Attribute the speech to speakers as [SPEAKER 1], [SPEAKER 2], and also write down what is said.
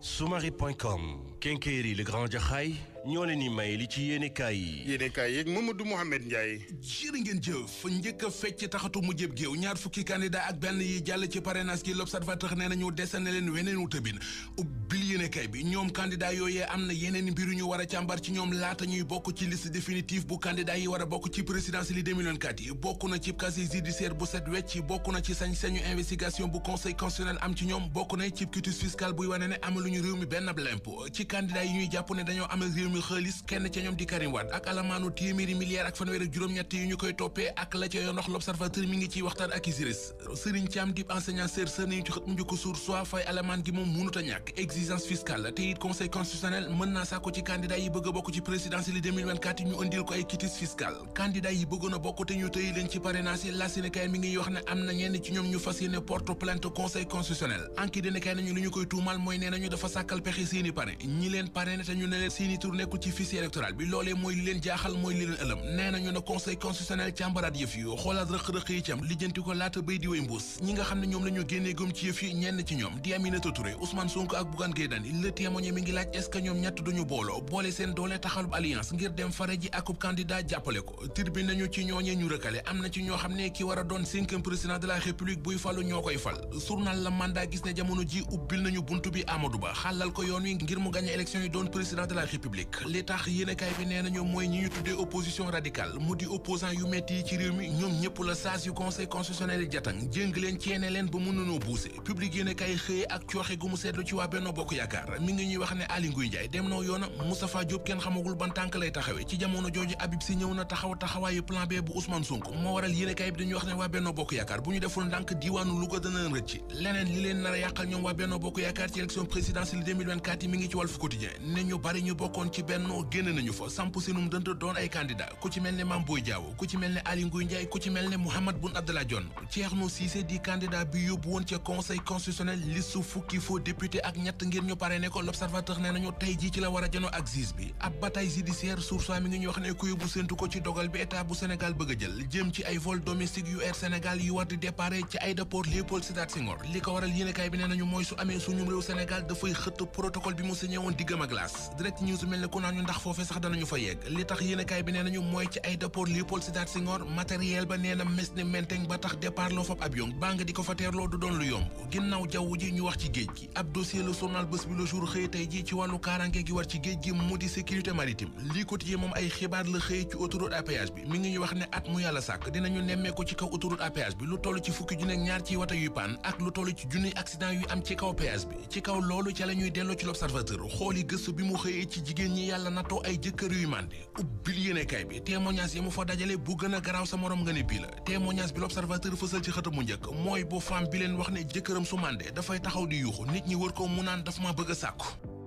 [SPEAKER 1] soumari.com Kenkeyri le Grand Jaxaay ñoo leen di may li ci yéenekaay yi. yéenekaay yeeg Mamadou Mouhamed Ndiaye. jërë ngeen jëf njëkk a fecc taxatu mu jëb géew ñaar fukki candidat ak benn yi jàll ci parrainage gi l'observateur nee na ñu desane leen weneen wu tëbin ubbil yéenekaay bi ñoom candidat yooyee am na yeneen mbir yu ñu war a càmbar ci ñoom laata ñuy bokk ci liste définitive bu candidat yi war a bokk ci présidence li 2024 yi bokk na ci casier judiciaire bu set wecc bokk bu conseil constitutionnel am ci ñoom bokk na ci quitus fiscal candidat yi ñuy jàpp ne dañoo amal réew mi xaalis kenn ca ñoom di Karim Wade ak alamaanu téeméeri milliards ak fanweer ak juróom-ñett yi ñu koy toppee ak la ca yoon wax l'observateur mi ngi ciy waxtaan ak isiris Serigne Thiam dib enseignant sër nañu ci xët mu suur soit fay alamaan gi moom mënut a ñàkk exigence fiscale te conseil constitutionnel mën naa sàkku ci candidat yi bëgg a bokk te ñu tëyi leen ci parrainage yi la Sénégal mi ngi wax ne am na ñenn ci ñi leen parrainé te ñu ne leen seeni tur nekkul ci fichier électoral bi loolee mooy li leen jaaxal mooy leen ëlëm nee nañu ne conseil constitutionnel càmbaraat yëf yi xoolaat rëq-rëq yi cam lijjanti ko laata bay di mbuus ñi nga xam ne ñoom la ñu génnee gëm ci yëf yi ñenn ci ñoom di Aminata Touré Ousmane Sonko ak Bougane Gueye Dany le témoigné mi ngi laaj est ñoom ñett duñu booloo boole seen doole taxalub alliance ngir dem fare ji akub candidat jàppale na ci ñoo xam a doon cinquième yoon élections élection yi président de la république li tax yéenekaay bi nee nañu mooy ñi ñu tuddee opposition radicale mu di opposant yu metti yi ci réew mi ñoom ñëpp la saas yu conseil constitutionnel yi jatang jéng leen ceene leen ba mënunoo buuse public yéenekaay xëyee ak cooxe gu mu seetlu ci waa Benno Bokk Yaakaar mi ngi ñuy wax ne Aly Ngouille Ndiaye dem na yoona Moustapha Diop kenn xamagul ban tànk lay taxawee ci jamono jooju Habib Sy ñëw na taxaw taxawaayu plan B bu Ousmane Sonko moo waral yéenekaay bi dañuy wax ne waa Benno Bokk Yaakaar bu ñu deful ndànk diiwaanu Louga dana leen rëcc leneen li leen nar a yàqal ñoom Benno Bokk Yaakaar ci élection présidentielle 2024 yi mi ngi ci quotidien ne ñu bari ñu bokkoon ci bennoo génn nañu fa samp seenum dënd doon ay candidat ku ci mel ne Mame Boye Diao ku ci mel ne Aly Ngouille Ndiaye ku ci mel ne Mouhamed Boun Abdallah Dionne ci la war a janoo ak juge bi ab bataille judiciaire source ngi ñu wax ne ku yóbbu séntu ko ci dogal bi état bu Sénégal bëgg jël jëm ci ay vol domestique yu Air Sénégal yu war di déparé ci aéroport Léopold Sédar Senghor li ko waral yéenekaay bi ne nañu mooy su amee suñu réew doxoon diggam ak glace direct news mel ne ku ndax foofee sax danañu fa yegg li tax yéenekaay bi nee nañu mooy ci aéroport Léopold Sédar Senghor matériel ba nee na mes ni menteng ba tax départ loo fab avion baa nga di ko fa teerloo du doon lu yomb ginnaaw jaww ji ñu wax ci géej gi ab dossier le journal bés bi le jour xëy tey ji ci wàllu kaarange gi war ci géej gi mu di sécurité maritime lii quotidien moom ay xibaar la xëy ci autoroute à bi xooli gëstu bi mu xëyee ci jigéen ñi yàlla nattoo ay jëkkër yuy màndi ubbil yéenekaay bi témoignage yi mu fa dajale bu gën a garaaw sa morom nga ne bii la témoignage bi l'observateur fësal ci xëtam njëkk mooy bu femme bi leen wax ne jëkkëram su màndee dafay taxaw di yuuxu nit ñi wër ko mu naan dafa ma bëgg sàkku